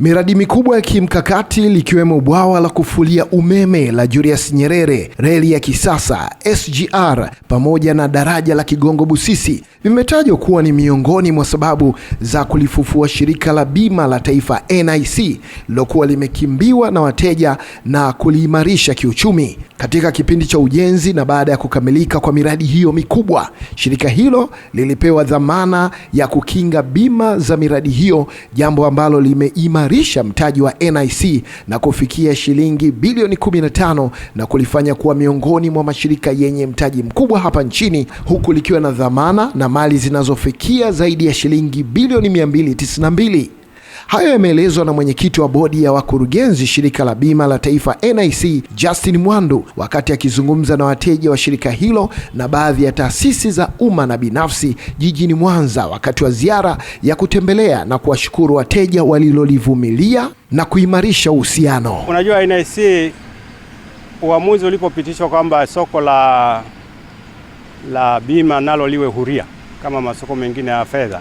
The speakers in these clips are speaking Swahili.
Miradi mikubwa ya kimkakati likiwemo bwawa la kufulia umeme la Julius Nyerere, reli ya kisasa SGR pamoja na daraja la Kigongo Busisi vimetajwa kuwa ni miongoni mwa sababu za kulifufua shirika la bima la taifa NIC lilokuwa limekimbiwa na wateja na kuliimarisha kiuchumi. Katika kipindi cha ujenzi na baada ya kukamilika kwa miradi hiyo mikubwa, shirika hilo lilipewa dhamana ya kukinga bima za miradi hiyo, jambo ambalo limeima kuimarisha mtaji wa NIC na kufikia shilingi bilioni 15 na kulifanya kuwa miongoni mwa mashirika yenye mtaji mkubwa hapa nchini huku likiwa na dhamana na mali zinazofikia zaidi ya shilingi bilioni 292. Hayo yameelezwa na mwenyekiti wa bodi ya wakurugenzi shirika la bima la taifa NIC Justin Mwandu wakati akizungumza na wateja wa shirika hilo na baadhi ya taasisi za umma na binafsi jijini Mwanza wakati wa ziara ya kutembelea na kuwashukuru wateja walilolivumilia na kuimarisha uhusiano. Unajua NIC uamuzi ulipopitishwa kwamba soko la la bima nalo liwe huria kama masoko mengine ya fedha,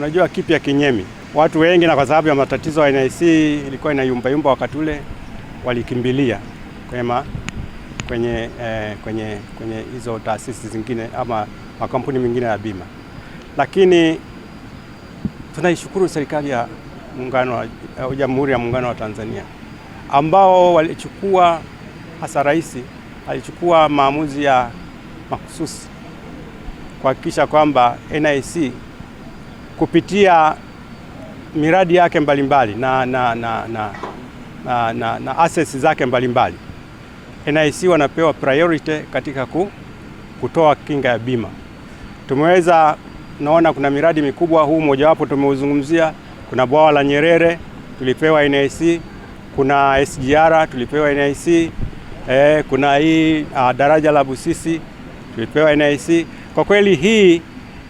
unajua kipya kinyemi watu wengi, na kwa sababu ya matatizo ya NIC ilikuwa yumba wakati ule, walikimbilia kwema kwenye eh, kwenye kwenye hizo taasisi zingine ama makampuni mengine ya bima, lakini tunaishukuru serikali ya muungano wa Jamhuri ya Muungano wa Tanzania ambao walichukua, hasa rais alichukua maamuzi ya makususi kuhakikisha kwamba NIC kupitia miradi yake mbalimbali mbali, na, na, na, na, na, na, na assets zake mbalimbali mbali. NIC wanapewa priority katika ku, kutoa kinga ya bima. Tumeweza naona kuna miradi mikubwa, huu mojawapo tumeuzungumzia. Kuna bwawa la Nyerere tulipewa NIC, kuna SGR tulipewa NIC eh, kuna hii uh, daraja la Busisi tulipewa NIC. Kwa kweli hii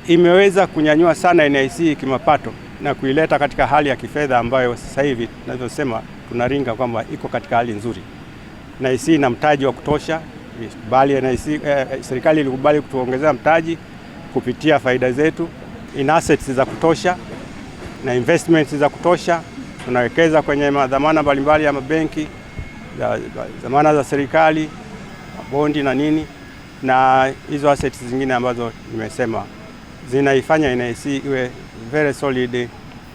imeweza kunyanyua sana NIC kimapato na kuileta katika hali ya kifedha ambayo sasa hivi tunavyosema tunaringa kwamba iko katika hali nzuri. NIC ina mtaji wa kutosha, bali NIC eh, serikali ilikubali kutuongezea mtaji kupitia faida zetu. Ina assets za kutosha na investments za kutosha. Tunawekeza kwenye dhamana mbalimbali ya mabenki, dhamana za serikali, mabondi na nini, na hizo assets zingine ambazo nimesema zinaifanya NIC iwe very solid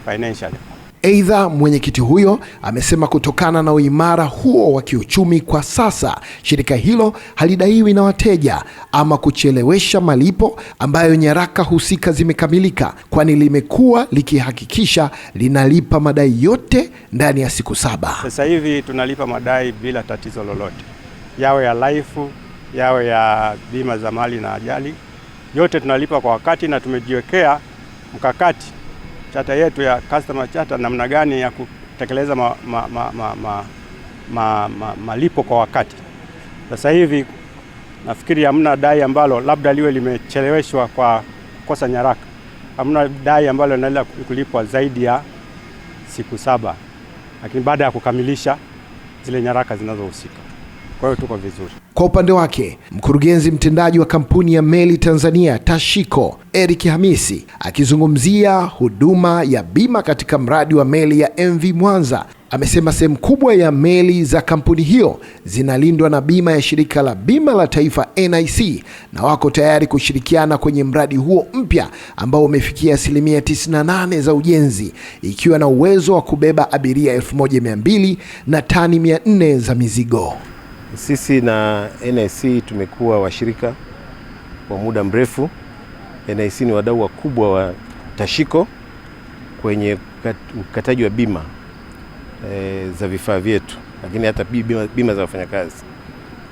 financially. Aidha, mwenyekiti huyo amesema kutokana na uimara huo wa kiuchumi kwa sasa shirika hilo halidaiwi na wateja ama kuchelewesha malipo ambayo nyaraka husika zimekamilika, kwani limekuwa likihakikisha linalipa madai yote ndani ya siku saba. Sasa hivi tunalipa madai bila tatizo lolote, yawe ya laifu, yawe ya bima za mali na ajali, yote tunalipa kwa wakati na tumejiwekea mkakati chata yetu ya customer chata, namna gani ya kutekeleza malipo ma, ma, ma, ma, ma, ma, ma kwa wakati. Sasa hivi nafikiri hamna dai ambalo labda liwe limecheleweshwa kwa kosa nyaraka, hamna dai ambalo linaweza kulipwa zaidi ya siku saba, lakini baada ya kukamilisha zile nyaraka zinazohusika. Kwa hiyo tuko vizuri. Kwa upande wake, mkurugenzi mtendaji wa kampuni ya meli Tanzania Tashiko, Eric Hamisi, akizungumzia huduma ya bima katika mradi wa meli ya MV Mwanza, amesema sehemu kubwa ya meli za kampuni hiyo zinalindwa na bima ya shirika la bima la taifa NIC na wako tayari kushirikiana kwenye mradi huo mpya ambao umefikia asilimia 98 za ujenzi ikiwa na uwezo wa kubeba abiria 1200 na tani 400 za mizigo. Sisi na NIC tumekuwa washirika kwa muda mrefu. NIC ni wadau wakubwa wa Tashiko kwenye ukataji wa bima e, za vifaa vyetu, lakini hata bima, bima za wafanyakazi.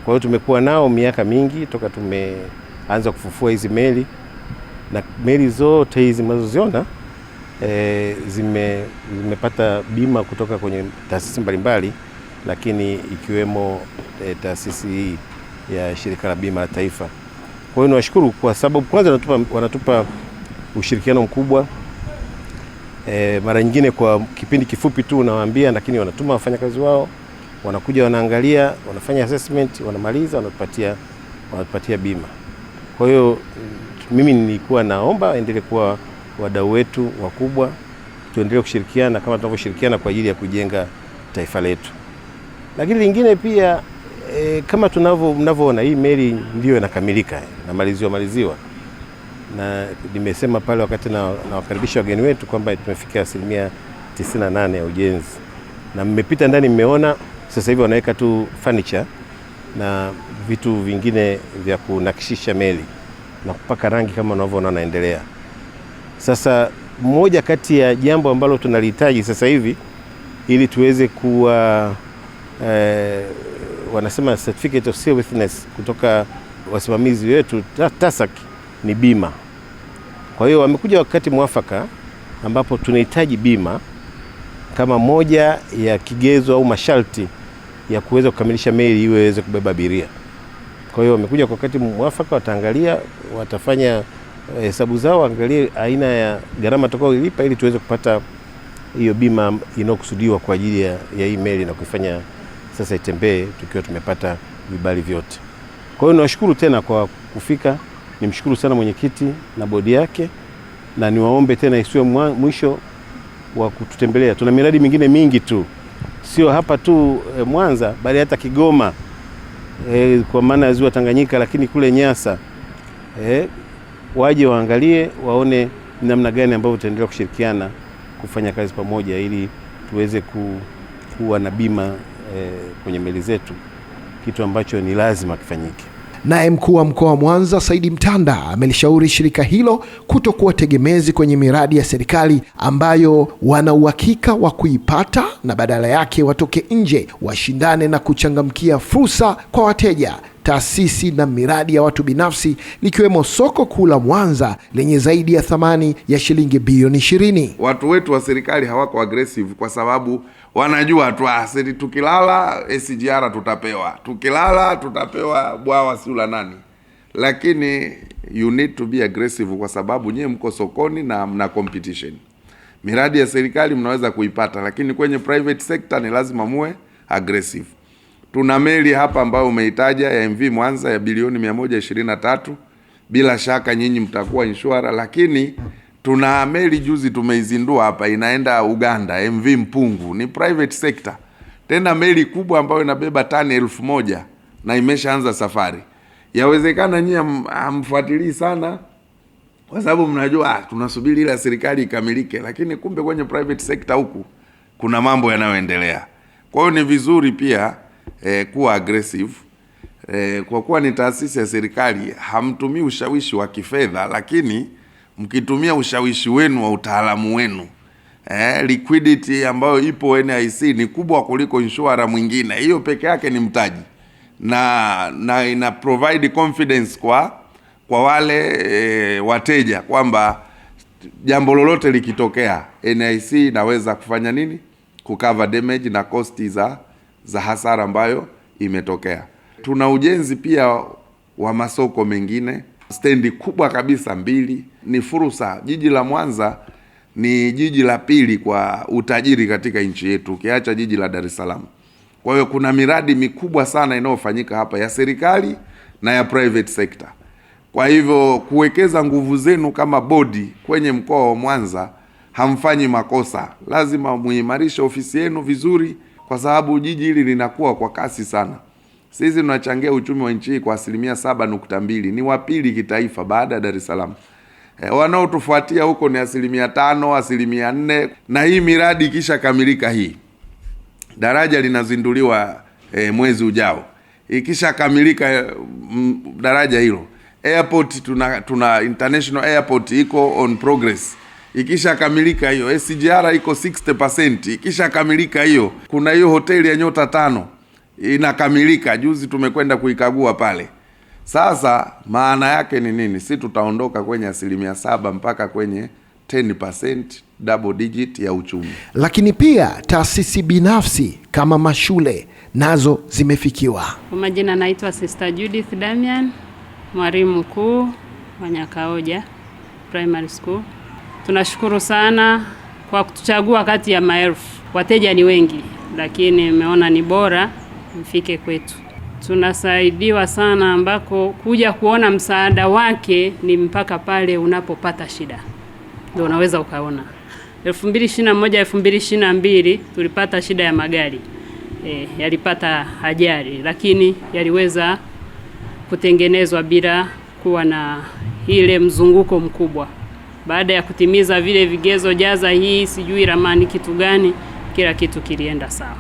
Kwa hiyo tumekuwa nao miaka mingi toka tumeanza kufufua hizi meli na meli zote hizi mnazoziona e, zime, zimepata bima kutoka kwenye taasisi mbalimbali, lakini ikiwemo Eh, taasisi hii ya shirika la bima la taifa. Kwa hiyo niwashukuru kwa sababu kwanza wanatupa, wanatupa ushirikiano mkubwa e, mara nyingine kwa kipindi kifupi tu unawaambia, lakini wanatuma wafanyakazi wao wanakuja wanaangalia wanafanya assessment wanamaliza wanatupatia, wanatupatia bima. Kwa hiyo mm, mimi nilikuwa naomba endelee kuwa wadau wetu wakubwa, tuendelee kushirikiana kama tunavyoshirikiana kwa ajili ya kujenga taifa letu, lakini lingine pia e, kama tunavyo mnavyoona hii meli ndio inakamilika namaliziwa maliziwa na nimesema pale wakati nawakaribisha na wageni wetu kwamba tumefikia asilimia 98 ya ujenzi, na mmepita ndani mmeona. Sasa hivi wanaweka tu furniture na vitu vingine vya kunakishisha meli na kupaka rangi kama unavyoona wanaendelea. Sasa moja kati ya jambo ambalo tunalihitaji sasa hivi ili tuweze kuwa eh, wanasema certificate of seriousness kutoka wasimamizi wetu TASAC ni bima. Kwa hiyo wamekuja wakati mwafaka ambapo tunahitaji bima kama moja ya kigezo au masharti ya kuweza kukamilisha meli iwe iweze kubeba abiria. Kwa hiyo wamekuja kwa wakati mwafaka, wataangalia, watafanya eh, hesabu zao, waangalie aina ya gharama tutakayoilipa ili tuweze kupata hiyo bima inayokusudiwa kwa ajili ya hii meli na kuifanya sasa itembee tukiwa tumepata vibali vyote. Kwa hiyo niwashukuru tena kwa kufika, nimshukuru sana mwenyekiti na bodi yake, na niwaombe tena isiwe mwisho wa kututembelea. Tuna miradi mingine mingi tu, sio hapa tu e, Mwanza bali hata Kigoma e, kwa maana ya ziwa Tanganyika, lakini kule Nyasa e, waje waangalie, waone namna gani ambavyo tutaendelea kushirikiana kufanya kazi pamoja ili tuweze ku, kuwa na bima e, kwenye meli zetu, kitu ambacho ni lazima kifanyike. Naye mkuu wa mkoa wa Mwanza Saidi Mtanda amelishauri shirika hilo kutokuwa tegemezi kwenye miradi ya serikali ambayo wana uhakika wa kuipata na badala yake watoke nje washindane na kuchangamkia fursa kwa wateja taasisi na miradi ya watu binafsi likiwemo soko kuu la Mwanza lenye zaidi ya thamani ya shilingi bilioni ishirini. Watu wetu wa serikali hawako aggressive kwa sababu wanajua tu asili, ah, tukilala SGR eh, tutapewa, tukilala tutapewa bwawa siu la nani, lakini you need to be aggressive kwa sababu nyewe mko sokoni na mna competition. Miradi ya serikali mnaweza kuipata, lakini kwenye private sector ni lazima muwe aggressive. Tuna meli hapa ambayo umeitaja ya MV Mwanza ya bilioni 123. Bila shaka nyinyi mtakuwa inshora, lakini tuna meli juzi tumeizindua hapa inaenda Uganda, MV Mpungu, ni private sector, tena meli kubwa ambayo inabeba tani elfu moja na imeshaanza safari. Yawezekana nyinyi hamfuatilii sana kwa sababu mnajua ah, tunasubiri ile serikali ikamilike, lakini kumbe kwenye private sector huku kuna mambo yanayoendelea. Kwa hiyo ni vizuri pia eh, kuwa aggressive eh, kwa kuwa ni taasisi ya serikali, hamtumii ushawishi wa kifedha, lakini mkitumia ushawishi wenu wa utaalamu wenu eh, liquidity ambayo ipo NIC ni kubwa kuliko insurer mwingine. Hiyo peke yake ni mtaji na na ina provide confidence kwa kwa wale e, wateja kwamba jambo lolote likitokea NIC inaweza kufanya nini, kukava damage na costi za za hasara ambayo imetokea. Tuna ujenzi pia wa masoko mengine, stendi kubwa kabisa mbili. Ni fursa. Jiji la Mwanza ni jiji la pili kwa utajiri katika nchi yetu, ukiacha jiji la Dar es Salaam. Kwa hiyo kuna miradi mikubwa sana inayofanyika hapa ya serikali na ya private sector. Kwa hivyo kuwekeza nguvu zenu kama bodi kwenye mkoa wa Mwanza, hamfanyi makosa. Lazima muimarishe ofisi yenu vizuri kwa sababu jiji hili linakuwa kwa kasi sana. Sisi tunachangia uchumi wa nchi hii kwa asilimia saba nukta mbili, ni wapili kitaifa baada ya Dar es Salaam. E, wanaotufuatia huko ni asilimia tano, asilimia nne. Na hii miradi ikisha kamilika, hii daraja linazinduliwa e, mwezi ujao. Ikishakamilika mm, daraja hilo, airport tuna, tuna international airport iko on progress Ikisha kamilika hiyo SGR iko 60%. ikishakamilika kamilika hiyo, kuna hiyo hoteli ya nyota tano inakamilika, juzi tumekwenda kuikagua pale. Sasa maana yake ni nini? Si tutaondoka kwenye asilimia saba mpaka kwenye 10% double digit ya uchumi. Lakini pia taasisi binafsi kama mashule nazo zimefikiwa. Kwa majina naitwa Sister Judith Damian, mwalimu mkuu wa Nyakaoja Primary School. Tunashukuru sana kwa kutuchagua kati ya maelfu. Wateja ni wengi, lakini mmeona ni bora mfike kwetu. Tunasaidiwa sana, ambako kuja kuona msaada wake ni mpaka pale unapopata shida ndio unaweza ukaona. 2021 2022 tulipata shida ya magari e, yalipata ajali, lakini yaliweza kutengenezwa bila kuwa na ile mzunguko mkubwa. Baada ya kutimiza vile vigezo, jaza hii, sijui ramani kitu gani, kila kitu kilienda sawa.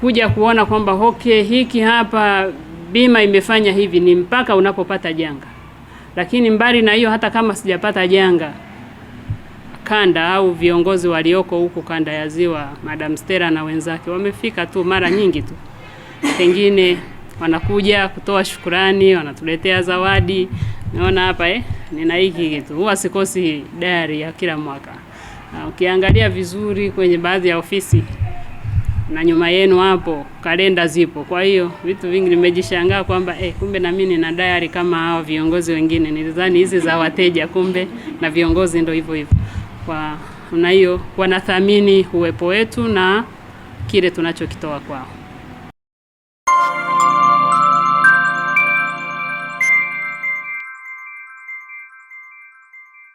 Kuja kuona kwamba okay, hiki hapa bima imefanya hivi, ni mpaka unapopata janga. Lakini mbali na hiyo, hata kama sijapata janga, kanda au viongozi walioko huku kanda ya Ziwa, Madam Stella na wenzake wamefika tu mara nyingi tu, pengine wanakuja kutoa shukurani, wanatuletea zawadi. Naona hapa eh nina hiki kitu. Huwa sikosi diary ya kila mwaka, na ukiangalia vizuri kwenye baadhi ya ofisi na nyuma yenu hapo kalenda zipo. Kwa hiyo vitu vingi nimejishangaa kwamba eh, kumbe na mimi nina diary kama hao viongozi wengine. Nilidhani hizi za wateja, kumbe na viongozi ndio hivyo hivyo. Kwa na hiyo wanathamini uwepo wetu na kile tunachokitoa kwao.